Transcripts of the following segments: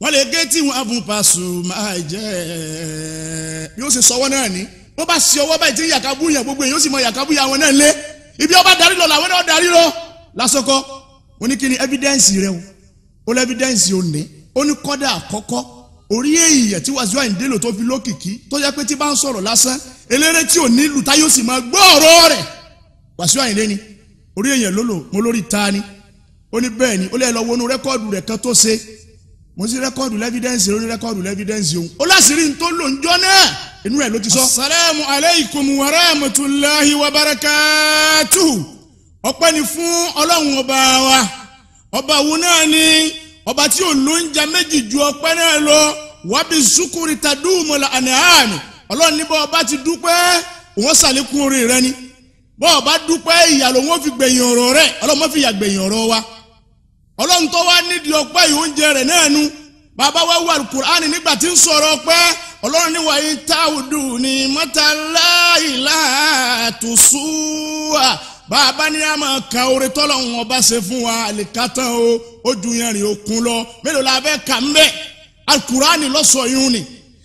wọ́n lè gé tí wọ́n fún Pasuma jẹ́ bí ó ṣe sọ ọwọ́ náà ní wọ́n bá ṣe ọwọ́ báyìí tí yàkábù yẹn gbogbo èèyàn ó sì mọ yàkábù yà wọn náà lé ibi ọba darí lọ làwọn náà darí lọ lásọkọ mo ní kí ni evidence rẹ o ó lọ evidence ò ní ó ní kọ́dà àkọ́kọ́ orí èèyàn tí Wasiu Ayinde lò tó fi lókìkí tó jẹ́ pé tí bá ń sọ̀rọ̀ lásán eléré tí ò ní lùtá yóò sì máa gbọ́ ọ̀rọ̀ rẹ̀ Wasiu Ayinde ni orí èèyàn lólò mo lórí ta ni ó ní bẹ́ẹ̀ ni ó lè lọ wọnú rẹ́kọ́ọ̀dù rẹ̀ kan tó ṣe mo sí rẹ́kọ́ọ̀dù lẹ́fídẹ́ǹsì lórí rẹ́kọ́ọ̀dù lẹ́fídẹ́ǹsì òun ó láṣìírí tó lò ń jọ náà inú ẹ̀ ló ti sọ. asalaamu aleykum wa rahmatulahi wa barakatuhu ọpẹ́ ni fún ọlọ́run ọba wa ọba wo náà ni ọba tí olóúnjẹ méjì ju ọpẹ́ náà lọ wábi sukuri tadúmọ̀lá àníhàmì ọlọ́run níbọ̀ ọba ti dúpẹ́ òun ṣàlékún orí rẹ ni bọ́ọ̀ bá dúpẹ́ ìyàló wọn fi gbẹ̀yìn ọ̀rọ̀ rẹ ọlọ́run fi yà gbẹ̀yìn ọ̀rọ̀ wa ọlọ́run tó wá nídìí ọpẹ́ yìí oúnjẹ rẹ̀ náà nu bàbá wa wà kúránì nígbà tí ń sọ̀rọ̀ ọpẹ́ ọlọ́run ní wàyí táwùdù ní mọ́tàlá ìlà bàbá ní àmọ́ kan oore tọ́lọ́run ọba ṣe fún wa àlìkátán o ó ju yanrìn òkun lọ mélòó la fẹ́ kà ń bẹ̀ alukúránì lọ́sọ̀ yún ni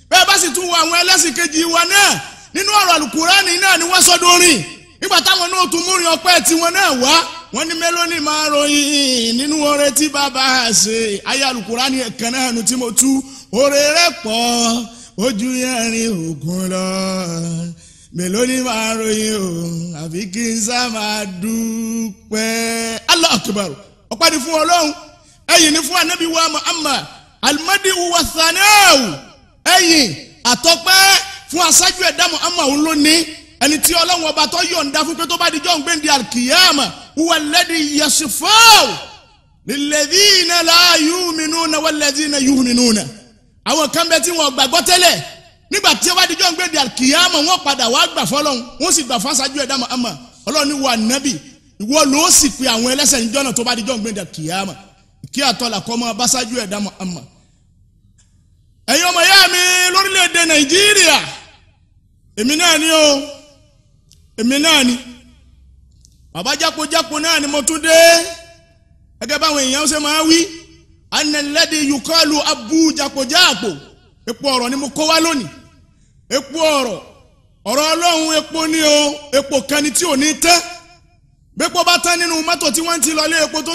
bẹ́ẹ̀ bá sì tún wo àwọn ẹlẹ́sìn kejì wa náà nínú ọ̀rọ̀ alukúránì náà ni wọ́n sọ́dọ̀ rìn nígbà táwọn náà tún múrin ọpẹ́ tiwọn náà wá wọ́n ní mélòó ni máa ròyìn nínú oore tí bàbá ṣe ayé alukura ni ẹ̀kan náà nu tí mo tú oore rẹ pọ̀ ojú ẹ̀rin ògùn lọ mélòó ni máa ròyìn o àfi kí n sá máa dúpẹ́ Allah akbar ọ̀pá ni fún ọlọ́run ẹ̀yìn ni fún anabi wa Muhammad alimadi wa sanau ẹ̀yìn àtọ́pẹ́ fún aṣáájú ẹ̀dá Muhammad òun ló ní ẹni tí ọlọ́run ọba tó yọ̀ǹda fún pé tó bá di jọ́ ń gbé ń di alkiyama. هو الذي يصفاه للذين لا يؤمنون والذين يؤمنون àwọn kan bẹ tí wọn gbàgbọ́ tẹ́lẹ̀ nígbà tí wọ́n adijọ́ ń gbé di àkìyàmọ̀ wọ́n padà wá gbà fọlọ́hún wọ́n sì gbà fásájú ẹ̀dá àmọ́ ọlọ́run ní wa nàbì ìwọ ló sì pe àwọn ẹlẹ́sẹ̀ níjọ́ náà tó bá adijọ́ ń gbé di àkìyàmọ̀ kí àtọ́là kọ́ mọ́ abásájú ẹ̀dá àmọ́. ẹ̀yin ọmọ ìyá mi lórílẹ̀‐èdè nàìjíríà èmi náà ni o èmi náà ni. bàbá jápojápo náà ni mo tún dé gẹ́gẹ́ báwọn èèyàn ṣe máa wí anẹlẹ́dì yukọ́lu abu jápojápo epo ọ̀rọ̀ ni mo kó wá lónìí epo ọ̀rọ̀ ọ̀rọ̀ ọlọ́run epo ni o epo kan ni tí ò ní tán bẹ́pọ̀ bá tán nínú mọ́tò tí ti lọlé epo tó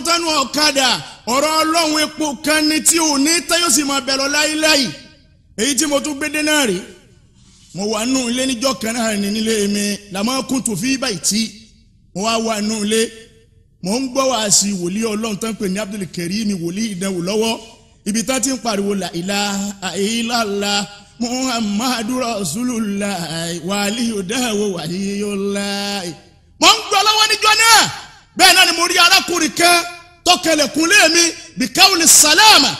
epo kan ni tí ò ní mo wá wá inú ilé mo ń gbọ́ wá sí wòlíì ọlọ́run tán pè ní Abdul Karim wòlíì ìdánwò lọ́wọ́ ibi tá ti ń pariwo la ilaha illallah muhammadu rasulullah wàlíyò dáwò wàlíyò láì. mo ń gbọ́ lọ́wọ́ níjọ́ náà bẹ́ẹ̀ náà ni mo rí arákùnrin kan tọkẹlẹ̀kùnlé mi bìkẹ́wùlì sàlámà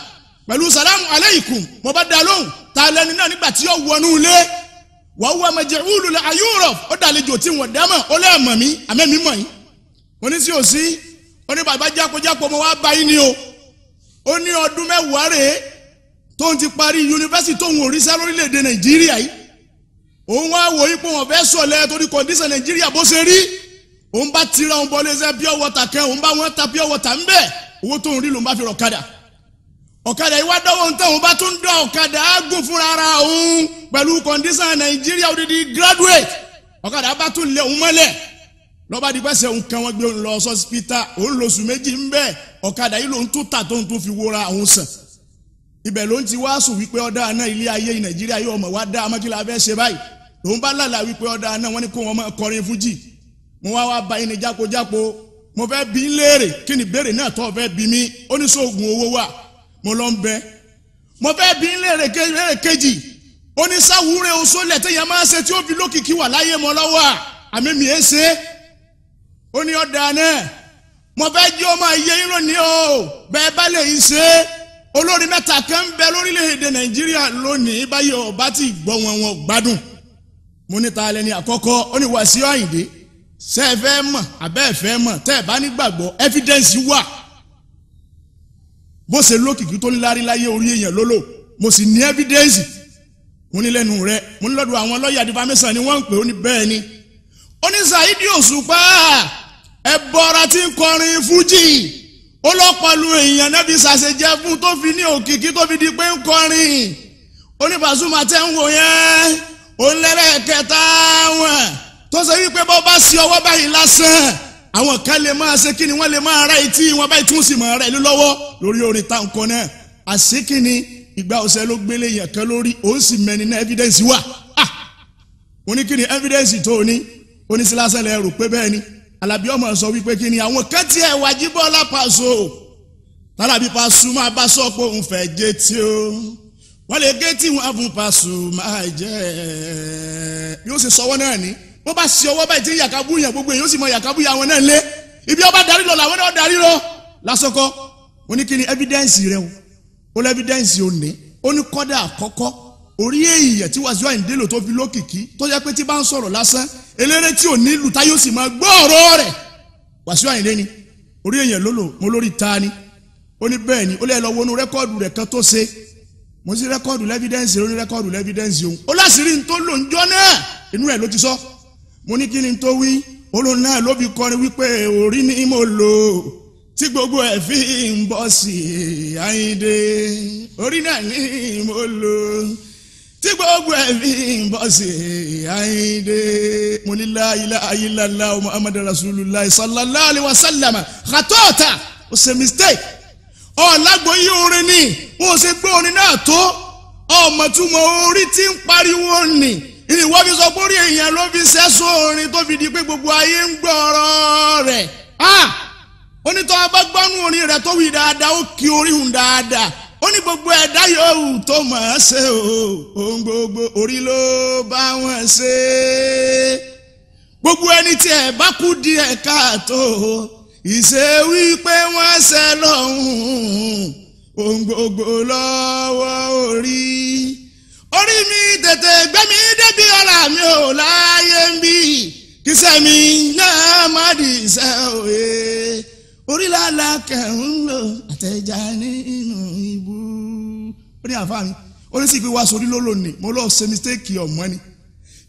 pẹ̀lú sàlámù aláìkùm mo bá dá lóhùn ta lẹni náà nígbà tí yóò wọnú ilé wàá wà mẹjẹ wúlò lẹ ayúrọ ó dàlejò tí wọn dẹ́mọ̀ ó lẹ́ mọ̀ mí àmẹ́mí mọ̀ yín oníṣì òsì oní bàbá jákòjákò mo wá bá yín ni o ó ní ọdún mẹ́wàá rèé tó ń ti parí yunifásitì tóun òrìṣà lórílẹ̀‐èdè nàìjíríà yìí òun wá wò yín pé wọn fẹ́ sọ̀lẹ̀ torí kọ̀ǹdíṣàn nàìjíríà bó ṣe rí òun bá tira òun bọ́ lé ṣe pure water kan òun bá wọn ta pure water ń bẹ̀ owó tóun rí lòun bá fi rọ̀ kadà ọ̀kadà yìí wá dọ́wọ́ ń tẹ̀wọ́n bá tún ọ̀kadà fúnra ara òun pẹ̀lú kọ̀ǹdísàn nàìjíríà odidi graduate ọ̀kadà bá tún lé òun mọ́lẹ̀ lọ́ba di pẹ́sẹ̀ òun kan wọ́n gbé òun lọ sọ́sípítà òun lóṣù méjì ń bẹ́ẹ̀ ọ̀kadà yìí lòun tún tà tó ń tún fi wóra òun sàn ibẹ̀ ló ń ti wá sùn wípé ọ̀dà ilé ayé nàìjíríà yóò mọ̀ wá dá ṣe báyìí mo lọ ń bẹ mo fẹ́ bí ń léèrè kejì ó ní sáwúrẹ́ oṣó lẹ̀ tẹ́yẹ máa ṣe tí ó fi lókìkí wà láyé mọ́ lọ́wọ́ àmì mi ẹ ṣe ó ní ọ̀dà náà mo fẹ́ jẹ́ ọmọ iye yín lónìí o bẹ́ẹ̀ bá lè yí ṣe olórí mẹ́ta kan ń bẹ lórílẹ̀‐èdè nàìjíríà lónìí báyìí ọba ti gbọ́ wọn wọn gbádùn mo ní ta lẹ́ni àkọ́kọ́ ó ní Wàsíù Àyìndé ṣe é fẹ́ mọ̀ àbẹ́ fẹ́ mọ̀ tẹ́ bá nígbàgbọ́ evidence wà bó ṣe lókìkí tó lárí láyé orí èèyàn lólò mo sì ní evidence mo ní lẹ́nu rẹ̀ mo ní lọ́dọ̀ àwọn lọ́ọ̀yà difamẹ́sàn ni wọ́n ń pè ó ní bẹ́ẹ̀ ni ó ní Saheed Òṣùpá ẹ̀bọra tí ń kọrin fújì ó lọ pọ̀lú èèyàn náà fi ṣàṣejẹ́ fún tó fi ní òkìkí tó fi di pé ń kọrin ó ní Pasuma tẹ́ ń wò yẹn ó lẹ́rẹ̀ẹ́kẹta wọn tó ṣe wípé bọ́ bá sí ọwọ́ báyìí lásán àwọn kan lè máa ṣe kí ni wọ́n lè máa ra etí wọn báyìí tún sì máa ra ìlú lọ́wọ́ lórí orin táwọn kan náà àṣé kí ni ìgbà ọ̀sẹ̀ ló gbélé yẹn kan lórí òun sì mẹ́ni náà evidence wà ah wọ́n ní kí ni evidence tó o ní oníṣẹ́lásẹ́lẹ̀ rò pé bẹ́ẹ̀ ni alábí ọmọ sọ wípé kí ni àwọn kan tiẹ̀ wà jíbọ́lá pàṣọ tálábí pàṣọ máa bá sọ pé òun fẹ́ jẹ́ tí o wọ́n lè gé tí wọ́n á fún pàṣọ máa jẹ́ bí ó ṣe sọ náà ní wọ́n bá sí ọwọ́ báyìí tí yàkábù yàn gbogbo èèyàn ó sì mọ yàkábù yà wọn náà lé ibi ọba darí lọ làwọn náà darí lọ lásọkọ ó ní kí ni evidence rẹ o ó lọ evidence ò ní ó ní kọ́dà àkọ́kọ́ orí èèyàn tí Wasiu Ayinde lò tó fi lókìkí tó jẹ́ pé tí bá ń sọ̀rọ̀ lásán eléré tí ò ní lù tá yóò sì máa gbọ́ ọ̀rọ̀ rẹ̀ Wasiu Ayinde ni orí èèyàn ló lò mo lórí ta ni ó ní bẹ́ẹ̀ ni ó lẹ́ẹ̀ lọ wọnú rẹ́kọ́ọ̀dù rẹ̀ kan tó ṣe mo sí rẹ́kọ́ọ̀dù lẹ́fídẹ́ǹsì ó ní rẹ́kọ́ọ̀dù lẹ́fídẹ́ǹsì òun ó láṣìírí ní tó lò ń jọ náà inú rẹ̀ ló ti sọ mo ní kí ni tó wí olóhùn náà ló fi kọrin wípé orí ni mo lò tí gbogbo ẹ̀ fi ń bọ̀ sí àyíndé orí náà ni mo lò tí gbogbo ẹ̀ fi ń bọ̀ sí àyíndé mo ní láyìlá ayélujá muhammadu rasulillah sallallahu alayhi wa sallam khatọ́ọ̀ta ó ṣe mistake ọ̀làgbọ̀nyí orin ni wọ́n ṣe gbọ́ orin náà tó ọmọ túmọ̀ orí tí ń pariwo nì ìwọ fi sọ pé orí èèyàn ló fi sẹ́sùn orin tó fi di pé gbogbo ayé ń gbọ́rọ̀ rẹ̀ ó ní tó bá gbọ́nú orin rẹ̀ tó wí dáadáa ó kí oríhùn dáadáa ó ní gbogbo ẹ̀dá yòówù tó mọ̀ ṣe o ohun gbogbo orí ló bá wọn ṣe gbogbo ẹni tí ẹ bá kú díẹ̀ káàtó ìṣe wípé wọ́n ṣe lọ́hùn-ún ohun gbogbo lọ́wọ́ orí orí mi tètè gbẹ́mí débi ọ̀rà mi ò láyé ń bí kìsẹ́ mi náà má di ìṣẹ́ òye orílẹ̀-àlà kẹ̀hún lò àtẹ̀já nínú ibú. ó ní àfáà mi ó ìpè wá sórí ló lónìí mo lọ́ọ́ ṣe mistake ọ̀mọ́ ni.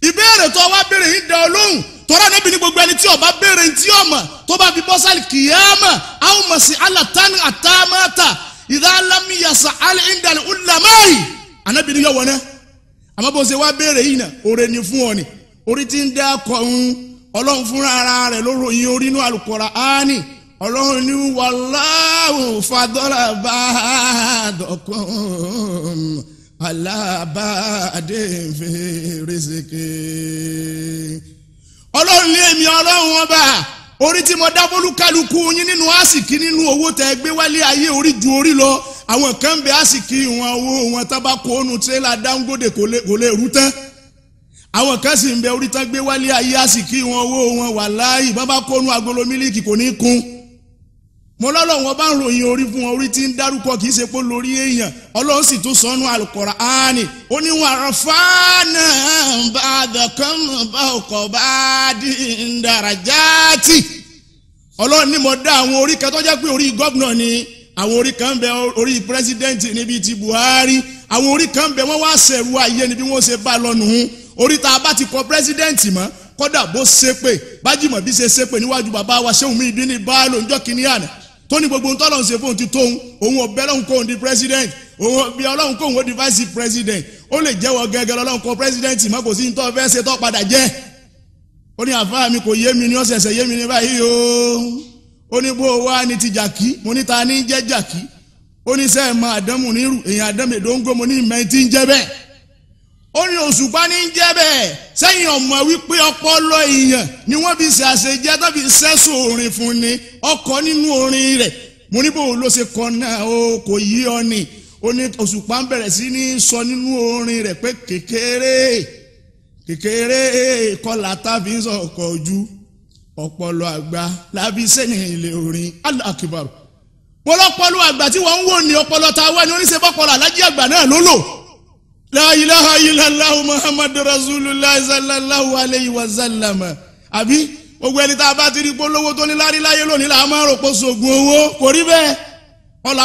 ìbéèrè tó wá béèrè yìí dá ọ lóhùn tọ́lá níbi ní gbogbo ẹni tí ọba béèrè tí ọmọ tó bá fi bọ́ sálì kìyàmà àwọn mọ̀ àtàmátà ìdá alámìyàsá alẹ́ ìdàlẹ́ ọ̀làmáì ànábìnrin yọ̀ wọ̀ náà. àmọ́ bó ṣe wá béèrè yìí náà ni fún ọ ni orí ti ń dá kọ ń ọlọ́run fúnra ara rẹ̀ ló ròyìn orí inú àlùkọ́ra ọlọ́run ní wàláhùn fàdọ́là bá dọ̀kún fèrèsèké ọlọ́run ní èmi ọlọ́run bá. orí tí mo dá fólúkálukú yín nínú àsìkí nínú owó tẹ gbé wálé ayé orí ju orí lọ àwọn kan bẹ àsìkí ìwọn owó wọn tábàkó ònú tirẹ́là Dangote kò lè rú tán àwọn kan sì ń bẹ orí tán gbé wálé ayé àsìkí ìwọn owó wọn wà láàyè bábá kó ònú agolo mílíkì kò ní kún mo lọ́lọ́ wọn bá ń ròyìn orí fún wọn orí tí ń dárúkọ kì í ṣe pé lórí èèyàn ọlọ́run sì tún sọnù Al-Qur'ani ó fáánà bá àdàkọ́ bá dàrájáàtì ọlọ́run ní mo dá àwọn orí kan tó jẹ́ pé orí gómìnà ni àwọn orí kan bẹ orí pírẹsidẹ́ǹtì níbi ti Buhari àwọn orí kan bẹ wọ́n wá sẹ̀rù ayé ni bí wọ́n ṣe bá lọ́nu orí tá a bá ti kọ pírẹsidẹ́ǹtì mọ́ kódà bó ṣe pé bájìmọ̀ bí ṣe ṣe pé níwájú bàbá wa ṣéun mi ìdí ní báàlò ńjọ́ kìíní àná tó ní gbogbo ntọ́lọ́hún ṣe fóun ti tóun òun ọ̀bẹ lọ́hún kóun di president òun bí ọlọ́hún kóun ó di vice president ó lè jẹ́wọ́ gẹ́gẹ́ lọ́hún kó president mọ́ kò sí ntọ́ fẹ́ ṣe tọ́ padà jẹ́ ó ní àfáà mi kò yé mi ní ọ̀sẹ̀ẹ̀sẹ̀ yé mi ní báyìí o ó ní bó wá ní ti jàkí mo ní ta ní jẹ́ jàkí ó ní sẹ́ẹ̀ mọ àdánmù nírù èèyàn àdánmù èdóńgó mo ní ìmọ̀ tí ń jẹ́ bẹ́ẹ̀ ó ní òṣùpá ní ń jẹ́ bẹ́ẹ̀ sẹ́yìn ọ̀mọ̀ wípé ọpọlọ èèyàn ni wọ́n fi ṣàṣejẹ́ tó fi sẹ́sùn orin fún ni ọkọ̀ nínú orin rẹ̀ mo ní bó ló ṣe kọ náà o kò yí ọ ni ó ní òṣùpá ń bẹ̀rẹ̀ sí ní sọ nínú orin rẹ̀ pé kékeré kékeré ìkọlà tàbí sọ̀kọ̀ ojú ọ̀pọ̀lọ àgbà lábí sẹ́yìn ilé orin alákìbàrò wọn àgbà tí ń wò ní ọpọlọ tá a wá ní oníṣẹ́ alájí àgbà náà ló ti rí polówó tó ní lárí láyé lónìí là á máa rò pé sògùn owó kò rí bẹ́ẹ̀ ọ̀là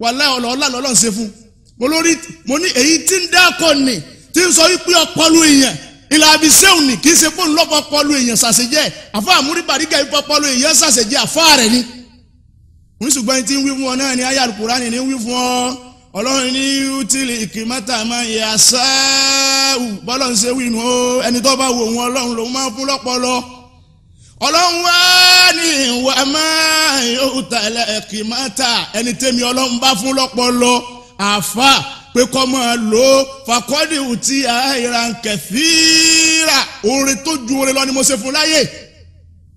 wàhálà ọ̀là ọ̀là ṣe fún mo lórí mo ní èyí tí ń dákọ̀ ni tí ń sọ wípé ọpọlọ èèyàn ìlà àbíṣẹ́hùn ni kì í ṣe fóun lọ́pọ̀ ọpọlọ èèyàn ṣàṣejẹ́ àfa àmúríbàrígà ìpọ̀ ọpọlọ èèyàn ṣàṣejẹ́ àfa rẹ̀ ni mo ní ṣùgbọ́n tí ń wí fún ọ náà ni ayé al ni ń wí fún ọ ọlọ́run ní utili ìkìmọ́tà máa yẹ àṣàù bọ́lọ́run ṣe wí nù ó ẹni tó bá wo òun ọlọ́run lòun máa fún lọ́pọlọ ọlọ́run wá àmà òtàlẹ̀ ẹ̀kìmọ́ta ẹni tẹ́mi ọlọ́run bá fún lọ́pọlọ àfa pé kọ́ máa lò ó fàkọ́dì òtí àìra nkẹ̀fìrà orin tó ju orin lọ ni mo ṣe fún láyè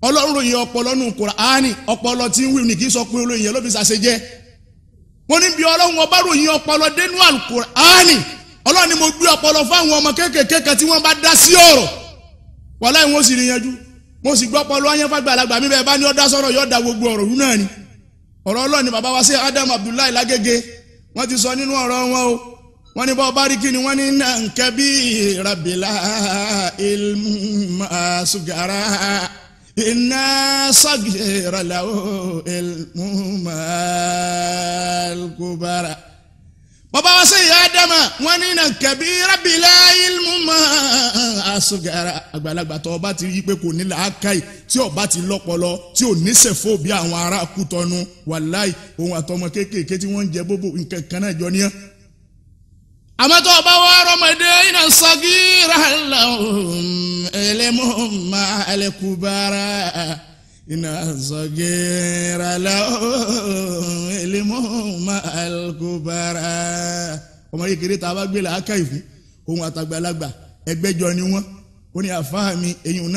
ọlọ́run ròyìn ọpọlọ nù Kùránì ọpọlọ tí ń wí ni kì í sọ pé olóyìn yẹn ló fi ṣàṣejẹ wọn níbi ọlọ́run ọba ròyìn ọpọlọ dénú àlùkùránì ọlọ́run ni mo gbé ọpọlọ fáwọn ọmọ kéékèèké kan tí wọ́n bá dá sí ọ̀rọ̀ wàláì wọn sì rí mo sì gbọ́ pọlú ayánfàgbà àlàgbà mi bẹ́ẹ̀ bá ní ọ̀dá sọ̀rọ̀ yóò da gbogbo ọ̀rọ̀ rúnà ni ọ̀rọ̀ ọlọ́ọ̀ ni bàbá wa sí Adam Abdullahi Lágége wọ́n ti sọ nínú ọ̀rọ̀ wọn o wọ́n ní bọ́ọ̀ bá rí kí ni wọ́n ní nàǹkẹ́ bí rabila ilmu masugara iná sọ̀gẹ̀rẹ̀ làwọn ilmu malkubara bàbá wa sẹ́yìn ádámà wọn ní na kabira bila ilmu ma asogara àgbàlagbà tó ọba ti yí pé kò ní làákàyè tí ọba ti lọ́pọlọ tí ò ní sẹ̀fọ́ bí àwọn ará kútọ́nu wàláì òun àtọmọ kéékèèké tí wọ́n ń jẹ bóbó nǹkan kan náà jọ níyàn àmọ́tọ́ ọba wa rọmọdé iná sọ́gí rà lọ́wọ́ máa ẹlẹ́kùbára. Ina الصغير له علم مع الكبار ọmọ kékeré tá a gbé làákàyè fún òun àtàgbàlagbà ẹgbẹ́jọ ni wọ́n ó ní àfáà mi èyí ò náà.